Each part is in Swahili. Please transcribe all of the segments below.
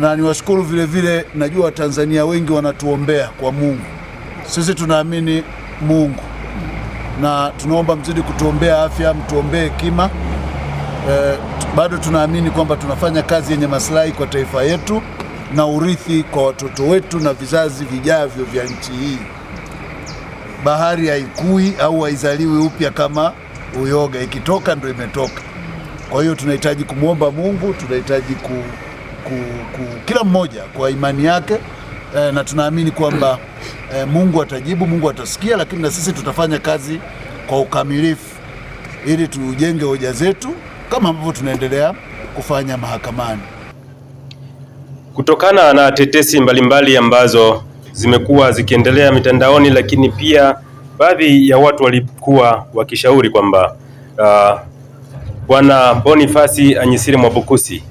na niwashukuru vile vile, najua Watanzania wengi wanatuombea kwa Mungu. Sisi tunaamini Mungu na tunaomba mzidi kutuombea afya, mtuombee hekima. E, bado tunaamini kwamba tunafanya kazi yenye maslahi kwa taifa yetu na urithi kwa watoto wetu na vizazi vijavyo vya nchi hii. Bahari haikui au haizaliwi upya kama uyoga, ikitoka ndo imetoka. Kwa hiyo tunahitaji kumwomba Mungu, tunahitaji ku ku, ku, kila mmoja kwa imani yake e, na tunaamini kwamba e, Mungu atajibu, Mungu atasikia, lakini na sisi tutafanya kazi kwa ukamilifu ili tujenge hoja zetu kama ambavyo tunaendelea kufanya mahakamani. Kutokana na tetesi mbalimbali ambazo zimekuwa zikiendelea mitandaoni, lakini pia baadhi ya watu walikuwa wakishauri kwamba uh, Bwana Bonifasi Anyisiri Mwabukusi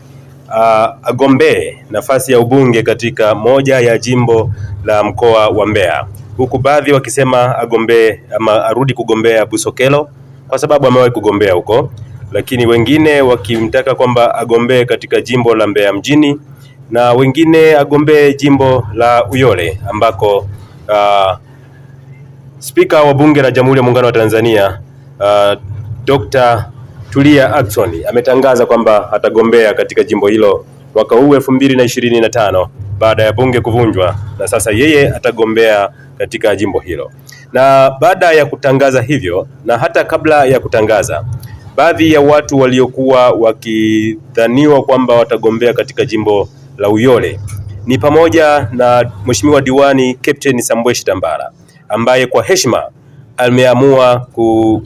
uh, agombee nafasi ya ubunge katika moja ya jimbo la mkoa wa Mbeya, huku baadhi wakisema agombee ama arudi kugombea Busokelo kwa sababu amewahi kugombea huko, lakini wengine wakimtaka kwamba agombee katika jimbo la Mbeya mjini na wengine agombee jimbo la Uyole ambako uh, spika wa bunge la Jamhuri ya Muungano wa Tanzania uh, Dr. Tulia Ackson ametangaza kwamba atagombea katika jimbo hilo mwaka huu tano baada ya bunge kuvunjwa, na sasa yeye atagombea katika jimbo hilo. Na baada ya kutangaza hivyo, na hata kabla ya kutangaza, baadhi ya watu waliokuwa wakidhaniwa kwamba watagombea katika jimbo la Uyole ni pamoja na Mheshimiwa diwani Captain Sambwe Shitambala ambaye kwa heshima ameamua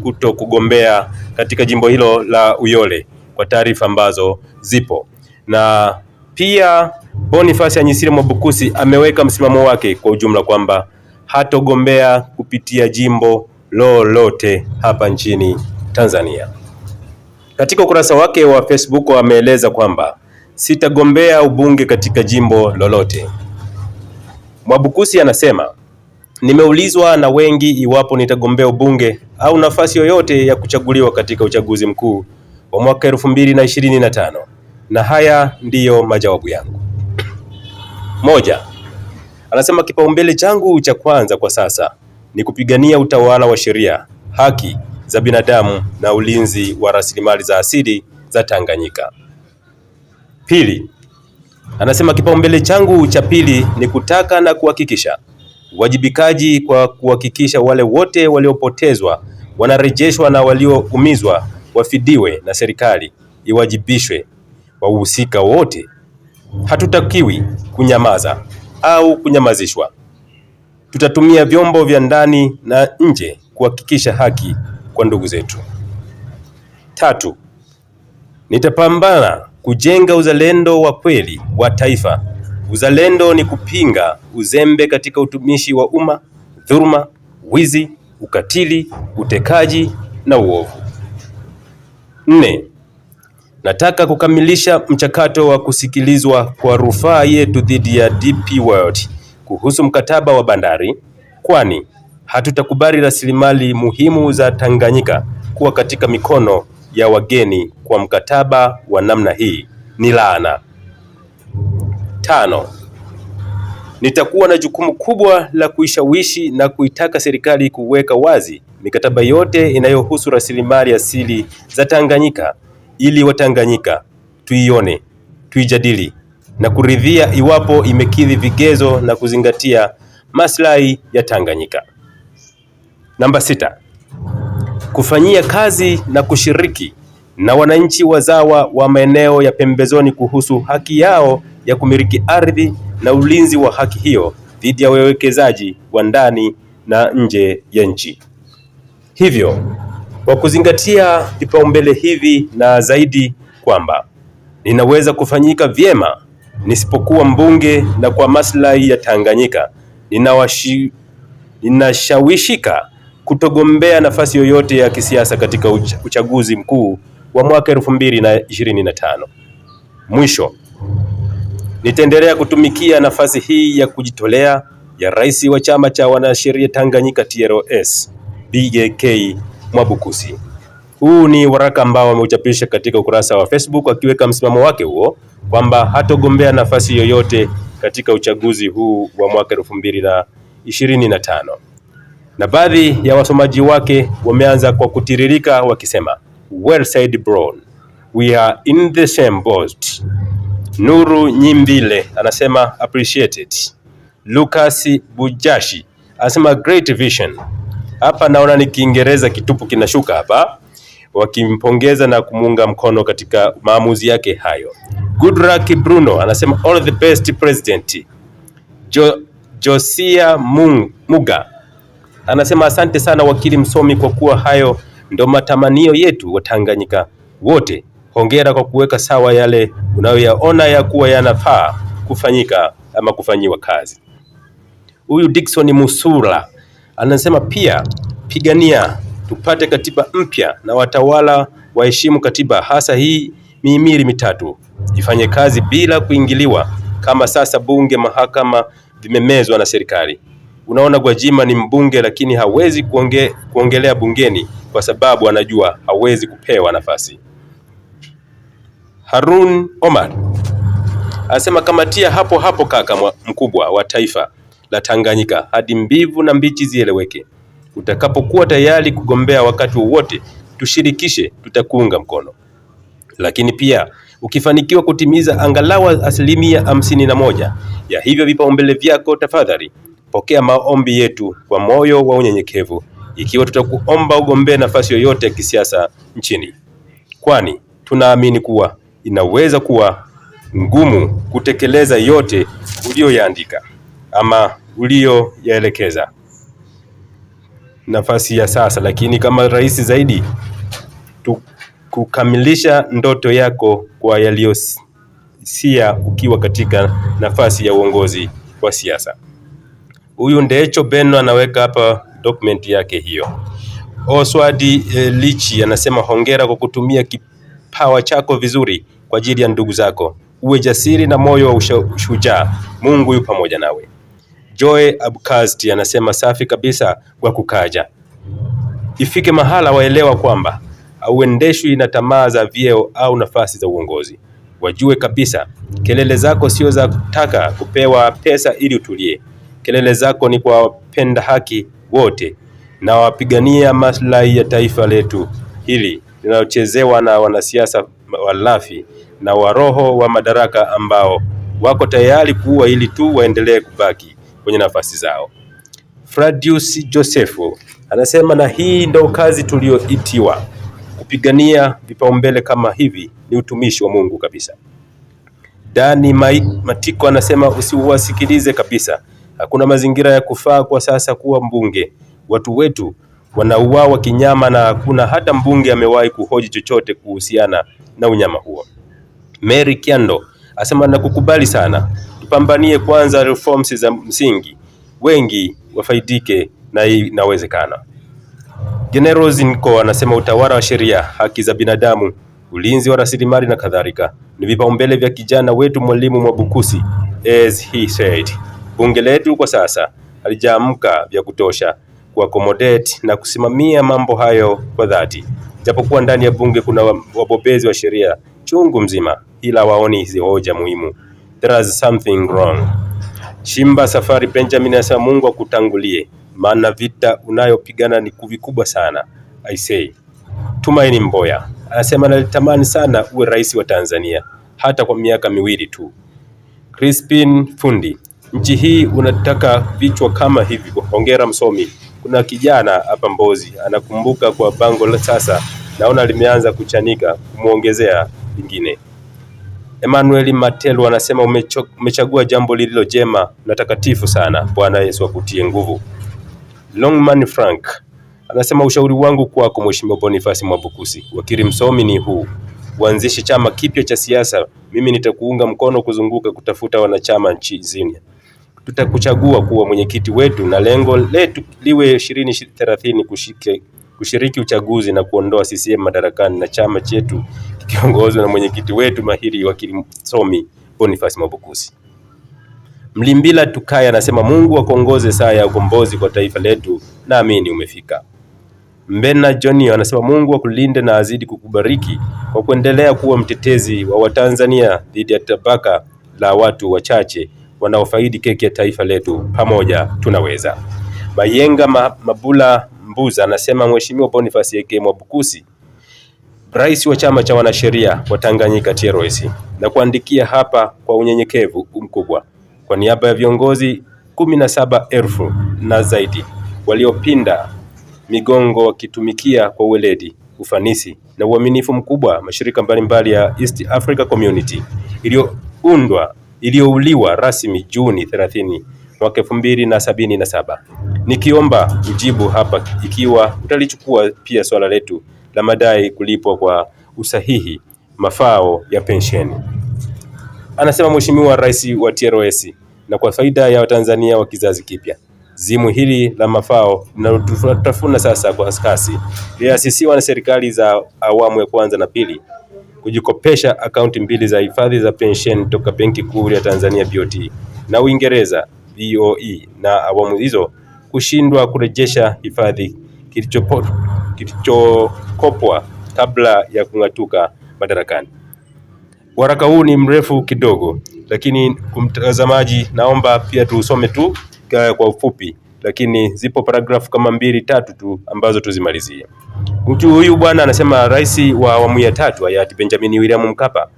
kuto kugombea katika jimbo hilo la Uyole kwa taarifa ambazo zipo. Na pia Boniface Anyisire Mwabukusi ameweka msimamo wake kwa ujumla kwamba hatogombea kupitia jimbo lolote hapa nchini Tanzania. Katika ukurasa wake wa Facebook ameeleza kwamba sitagombea ubunge katika jimbo lolote. Mwabukusi anasema Nimeulizwa na wengi iwapo nitagombea ubunge au nafasi yoyote ya kuchaguliwa katika uchaguzi mkuu wa mwaka elfu mbili na ishirini na tano na haya ndiyo majawabu yangu. Moja, anasema kipaumbele changu cha kwanza kwa sasa ni kupigania utawala wa sheria, haki za binadamu na ulinzi wa rasilimali za asili za Tanganyika. Pili, anasema kipaumbele changu cha pili ni kutaka na kuhakikisha uwajibikaji kwa kuhakikisha wale wote waliopotezwa wanarejeshwa na walioumizwa wafidiwe na serikali iwajibishwe wahusika wote. Hatutakiwi kunyamaza au kunyamazishwa. Tutatumia vyombo vya ndani na nje kuhakikisha haki kwa ndugu zetu. Tatu, nitapambana kujenga uzalendo wa kweli wa taifa Uzalendo ni kupinga uzembe katika utumishi wa umma, dhuluma, wizi, ukatili, utekaji na uovu. Nne, nataka kukamilisha mchakato wa kusikilizwa kwa rufaa yetu dhidi ya DP World kuhusu mkataba wa bandari, kwani hatutakubali rasilimali muhimu za Tanganyika kuwa katika mikono ya wageni. Kwa mkataba wa namna hii ni laana tano. Nitakuwa na jukumu kubwa la kuishawishi na kuitaka serikali kuweka wazi mikataba yote inayohusu rasilimali asili za Tanganyika ili Watanganyika tuione, tuijadili na kuridhia iwapo imekidhi vigezo na kuzingatia maslahi ya Tanganyika. Namba sita, kufanyia kazi na kushiriki na wananchi wazawa wa maeneo ya pembezoni kuhusu haki yao ya kumiliki ardhi na ulinzi wa haki hiyo dhidi ya wawekezaji wa ndani na nje ya nchi. Hivyo, kwa kuzingatia vipaumbele hivi na zaidi kwamba ninaweza kufanyika vyema nisipokuwa mbunge na kwa maslahi ya Tanganyika, ninawashi ninashawishika kutogombea nafasi yoyote ya kisiasa katika uchaguzi mkuu wa mwaka 2025. Mwisho, Nitaendelea kutumikia nafasi hii ya kujitolea ya rais wa chama cha wanasheria Tanganyika TLS BJK Mwabukusi. Huu ni waraka ambao ameuchapisha katika ukurasa wa Facebook akiweka msimamo wake huo kwamba hatogombea nafasi yoyote katika uchaguzi huu wa mwaka elfu mbili na ishirini na tano. Na baadhi ya wasomaji wake wameanza kwa kutiririka wakisema well said Brown. We are in the same boat. Nuru Nyimbile anasema appreciated. Lucas Bujashi anasema great vision. Hapa naona ni Kiingereza kitupu kinashuka hapa, wakimpongeza na kumuunga mkono katika maamuzi yake hayo. luck Bruno anasema all the best president. Jo, Josia Mung, Muga anasema asante sana wakili msomi, kwa kuwa hayo ndo matamanio yetu Watanganyika wote. Hongera kwa kuweka sawa yale unayoyaona ya kuwa yanafaa kufanyika ama kufanyiwa kazi. Huyu Dickson Musula anasema pia, pigania tupate katiba mpya na watawala waheshimu katiba, hasa hii mihimili mitatu ifanye kazi bila kuingiliwa kama sasa. Bunge, mahakama vimemezwa na serikali. Unaona, Gwajima ni mbunge lakini hawezi kuonge, kuongelea bungeni kwa sababu anajua hawezi kupewa nafasi. Harun Omar asema kamatia hapo hapo kaka mkubwa wa taifa la Tanganyika hadi mbivu na mbichi zieleweke. Utakapokuwa tayari kugombea wakati wowote, tushirikishe, tutakuunga mkono. Lakini pia ukifanikiwa kutimiza angalau asilimia hamsini na moja ya hivyo vipaumbele vyako, tafadhali pokea maombi yetu kwa moyo wa unyenyekevu, ikiwa tutakuomba ugombee nafasi yoyote ya kisiasa nchini, kwani tunaamini kuwa inaweza kuwa ngumu kutekeleza yote uliyoyaandika ama uliyoyaelekeza nafasi ya sasa, lakini kama rahisi zaidi tu kukamilisha ndoto yako kwa yaliyosia ukiwa katika nafasi ya uongozi wa siasa. Huyu Ndecho Beno anaweka hapa dokumenti yake hiyo. oswadi eh, Lichi anasema hongera kwa kutumia kipawa chako vizuri kwa ajili ya ndugu zako. Uwe jasiri na moyo wa ushujaa, Mungu yu pamoja nawe. Joy Abkasti anasema safi kabisa kwa kukaja. Ifike mahala waelewa kwamba hauendeshwi na tamaa za vyeo au nafasi za uongozi. Wajue kabisa kelele zako sio za kutaka kupewa pesa ili utulie. Kelele zako ni kwa wapenda haki wote na wapigania maslahi ya taifa letu hili linalochezewa na wanasiasa walafi na waroho wa madaraka ambao wako tayari kuua ili tu waendelee kubaki kwenye nafasi zao. Fradius Josefu anasema, na hii ndo kazi tuliyoitiwa kupigania. Vipaumbele kama hivi ni utumishi wa Mungu kabisa. Dani Matiko anasema, usiwasikilize kabisa, hakuna mazingira ya kufaa kwa sasa kuwa mbunge. Watu wetu wanauawa kinyama na hakuna hata mbunge amewahi kuhoji chochote kuhusiana na unyama huo. Mary Kiando asema nakukubali sana, tupambanie kwanza reforms za msingi, wengi wafaidike na hii inawezekana. General Zinko anasema utawala wa sheria, haki za binadamu, ulinzi wa rasilimali na kadhalika ni vipaumbele vya kijana wetu Mwalimu Mwabukusi. As he said, bunge letu kwa sasa halijaamka vya kutosha kuaccommodate na kusimamia mambo hayo kwa dhati, japokuwa ndani ya bunge kuna wabobezi wa sheria chungu mzima, ila waoni hizi hoja muhimu. There is something wrong. Shimba Safari Benjamin anasema Mungu akutangulie, maana vita unayopigana ni vikubwa sana. I say Tumaini Mboya anasema nalitamani sana uwe rais wa Tanzania hata kwa miaka miwili tu. Crispin Fundi, nchi hii unataka vichwa kama hivi. Hongera msomi. Kuna kijana hapa Mbozi anakumbuka kwa bango la sasa, naona limeanza kuchanika, kumwongezea vingine. Emmanuel Matelu anasema umechagua jambo lililo jema na takatifu sana. Bwana Yesu akutie nguvu. Longman Frank anasema ushauri wangu kwako Mheshimiwa Bonifasi Mwabukusi, wakili msomi, ni huu: uanzishe chama kipya cha siasa. Mimi nitakuunga mkono kuzunguka kutafuta wanachama nchini. Tutakuchagua kuwa mwenyekiti wetu, na lengo letu liwe ishirini thelathini kushike kushiriki uchaguzi na kuondoa CCM madarakani na chama chetu kikiongozwa na mwenyekiti wetu mahiri wa msomi Boniface Mwabukusi. Mlimbila Tukaya anasema Mungu akuongoze saa ya ukombozi kwa taifa letu, naamini umefika. Mbena Johni anasema Mungu akulinde na azidi kukubariki kwa kuendelea kuwa mtetezi wa Watanzania dhidi ya tabaka la watu wachache wanaofaidi keki ya taifa letu. Pamoja tunaweza. Mayenga Mabula Mbuza anasema Mheshimiwa Boniface AK Mwabukusi, rais wa chama cha wanasheria wa Tanganyika TLS, na kuandikia hapa kwa unyenyekevu mkubwa kwa niaba ya viongozi kumi na saba elfu na zaidi waliopinda migongo wakitumikia kwa uweledi, ufanisi na uaminifu mkubwa mashirika mbalimbali ya East Africa Community iliyoundwa iliyouliwa rasmi Juni 30 mwaka elfu mbili na sabini na saba. Nikiomba ujibu hapa ikiwa utalichukua pia swala letu la madai kulipwa kwa usahihi mafao ya pensheni. Anasema Mheshimiwa Rais wa TLS, na kwa faida ya Watanzania wa kizazi kipya, zimu hili la mafao linalotutafuna sasa kwa kasi liliasisiwa na serikali za awamu ya kwanza na pili kujikopesha akaunti mbili za hifadhi za pensheni toka Benki Kuu ya Tanzania BOT na Uingereza DOE na awamu hizo kushindwa kurejesha hifadhi kilichokopwa kabla ya kung'atuka madarakani. Waraka huu ni mrefu kidogo, lakini mtazamaji, naomba pia tuusome tu eh, kwa ufupi, lakini zipo paragrafu kama mbili tatu tu ambazo tuzimalizie. Mtu huyu bwana anasema rais wa awamu ya tatu hayati Benjamin William Mkapa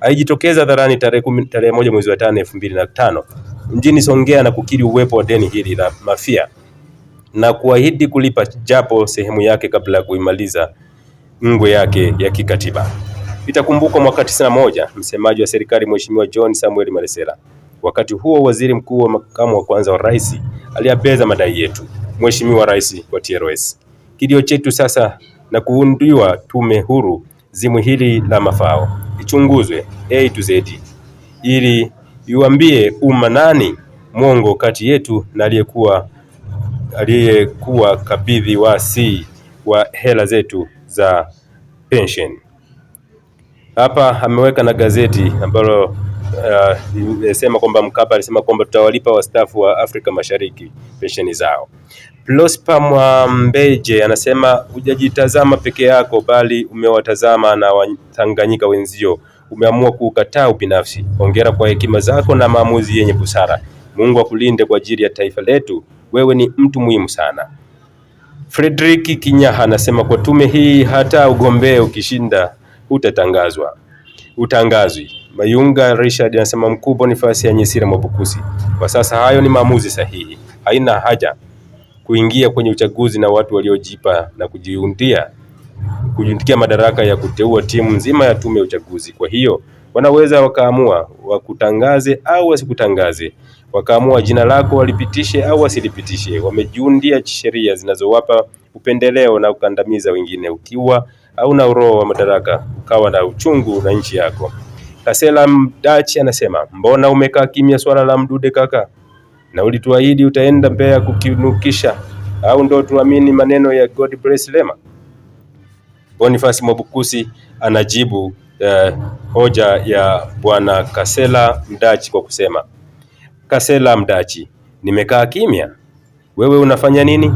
alijitokeza hadharani tarehe moja mwezi wa tano elfu mbili na tano mjini Songea na kukiri uwepo wa deni hili la Mafia na kuahidi kulipa japo sehemu yake kabla ya kuimaliza ngwe yake ya kikatiba. Itakumbukwa mwaka 91 msemaji wa serikali Mheshimiwa John Samuel Maresela, wakati huo waziri mkuu wa makamu wa kwanza wa rais, aliapeza madai yetu Mheshimiwa Rais wa TLS. Kilio chetu sasa na kuundiwa tume huru, zimu hili la mafao ichunguzwe A to Z ili Iwambie umma nani mwongo kati yetu na aliyekuwa aliyekuwa kabidhi si wa hela zetu za pension. Hapa ameweka na gazeti ambalo uh, imesema sema kwamba Mkapa alisema kwamba tutawalipa wastaafu wa Afrika Mashariki pensheni zao. Prosper Mwambeje anasema hujajitazama peke yako, bali umewatazama na Watanganyika wenzio umeamua kukataa ubinafsi. Hongera kwa hekima zako na maamuzi yenye busara. Mungu akulinde kwa ajili ya taifa letu. Wewe ni mtu muhimu sana. Frederick Kinyaha anasema kwa tume hii hata ugombee ukishinda utatangazwa utangazwi. Mayunga Richard anasema mkuu Bonifasi ya Nyesira Mwabukusi, kwa sasa hayo ni maamuzi sahihi. Haina haja kuingia kwenye uchaguzi na watu waliojipa na kujiundia kujitikia madaraka ya kuteua timu nzima ya tume ya uchaguzi. Kwa hiyo wanaweza wakaamua wakutangaze au wasikutangaze, wakaamua jina lako walipitishe au wasilipitishe. Wamejiundia sheria zinazowapa upendeleo na kukandamiza wengine. Ukiwa au na uroho wa madaraka, ukawa na uchungu na nchi yako. Kasela Mdachi anasema mbona umekaa kimya swala la Mdude kaka, na ulituahidi utaenda Mbeya kukinukisha, au ndo tuamini maneno ya God bless Lema? Boniface Mwabukusi anajibu uh, hoja ya bwana Kasela Mdachi kwa kusema, Kasela Mdachi, nimekaa kimya, wewe unafanya nini?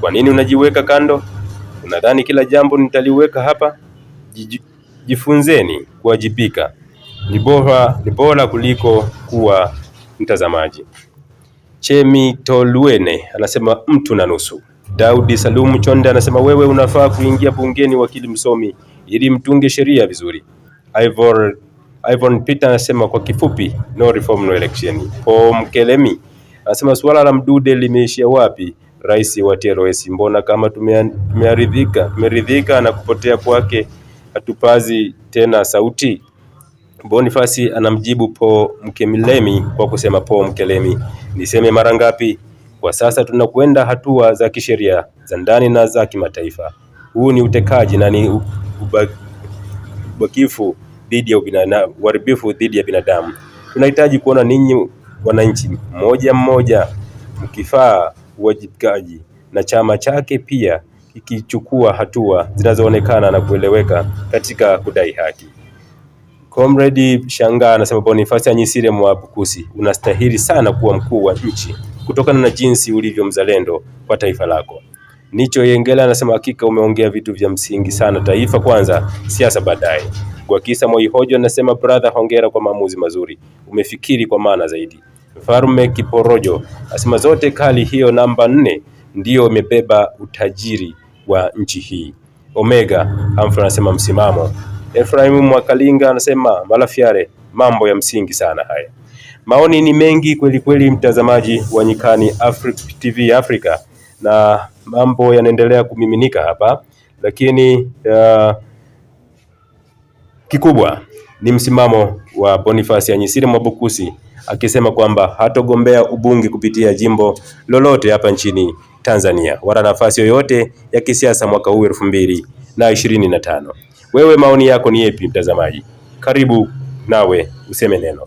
Kwa nini unajiweka kando? Unadhani kila jambo nitaliweka hapa? Jifunzeni kuwajibika, ni bora ni bora kuliko kuwa mtazamaji. Chemi Tolwene anasema mtu na nusu. Daudi Salumu Chonde anasema wewe unafaa kuingia bungeni, wakili msomi, ili mtunge sheria vizuri. Ivor Ivon Peter anasema kwa kifupi, no reform no election. Paul Mkelemi anasema suala la Mdude limeishia wapi? Rais wa TLS, mbona kama tumearidhika, tumeridhika na kupotea kwake, hatupazi tena sauti. Bonifasi anamjibu Po Mkelemi kwa kusema Po Mkelemi, niseme mara ngapi? Kwa sasa tunakwenda hatua za kisheria za ndani na za kimataifa. Huu ni utekaji na ni ubakifu dhidi ya uharibifu dhidi ya binadamu. Tunahitaji kuona ninyi wananchi, mmoja mmoja, mkifaa uwajibikaji na chama chake pia ikichukua hatua zinazoonekana na kueleweka katika kudai haki. Comrade Shangaa anasema Boniface Anyisire Mwabukusi, unastahili sana kuwa mkuu wa nchi kutokana na jinsi ulivyo mzalendo kwa taifa lako. Nicho Yengela anasema hakika umeongea vitu vya msingi sana, taifa kwanza, siasa baadaye. Gwakisa Moihojo anasema brother, hongera kwa maamuzi mazuri, umefikiri kwa maana zaidi. Farme Kiporojo asema zote kali, hiyo namba nne ndiyo imebeba utajiri wa nchi hii. Omega Humphrey anasema msimamo. Efraimu Mwakalinga anasema Malafyare, mambo ya msingi sana haya. Maoni ni mengi kweli kweli, mtazamaji wa Nyikani Afri, TV Afrika, na mambo yanaendelea kumiminika hapa, lakini uh, kikubwa ni msimamo wa Boniface Anyisire Mwabukusi akisema kwamba hatogombea ubunge kupitia jimbo lolote hapa nchini Tanzania wala nafasi yoyote ya kisiasa mwaka huu elfu mbili na ishirini na tano. Wewe maoni yako ni yepi mtazamaji? Karibu nawe useme neno.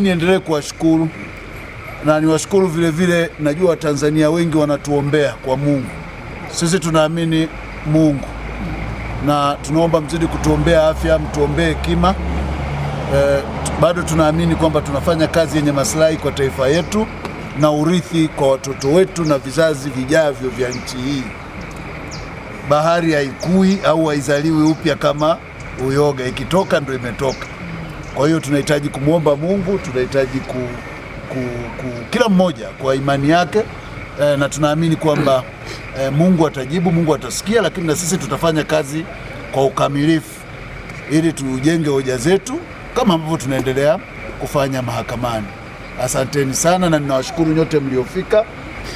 Niendelee kuwashukuru na niwashukuru vile vile, najua Watanzania wengi wanatuombea kwa Mungu. Sisi tunaamini Mungu na tunaomba mzidi kutuombea afya, mtuombee hekima. E, bado tunaamini kwamba tunafanya kazi yenye maslahi kwa taifa yetu na urithi kwa watoto wetu na vizazi vijavyo vya nchi hii. Bahari haikui au haizaliwi upya kama uyoga, ikitoka ndo imetoka. Kwa hiyo tunahitaji kumwomba Mungu, tunahitaji ku, ku, ku, kila mmoja kwa imani yake e, na tunaamini kwamba e, Mungu atajibu, Mungu atasikia, lakini na sisi tutafanya kazi kwa ukamilifu ili tujenge hoja zetu kama ambavyo tunaendelea kufanya mahakamani. Asanteni sana na ninawashukuru nyote mliofika,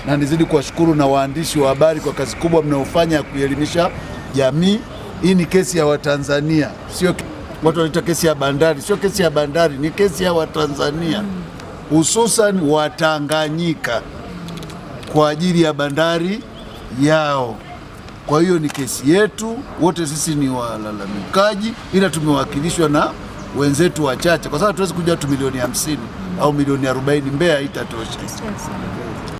na nizidi kuwashukuru na waandishi wa habari kwa kazi kubwa mnayofanya ya kuelimisha jamii. Hii ni kesi ya Watanzania, sio watu wanaita kesi ya bandari. Sio kesi ya bandari, ni kesi ya Watanzania hususan Watanganyika kwa ajili ya bandari yao. Kwa hiyo ni kesi yetu, wote sisi ni walalamikaji, ila tumewakilishwa na wenzetu wachache, kwa sababu hatuwezi kuja watu milioni 50 au milioni 40. Mbeya haitatosha.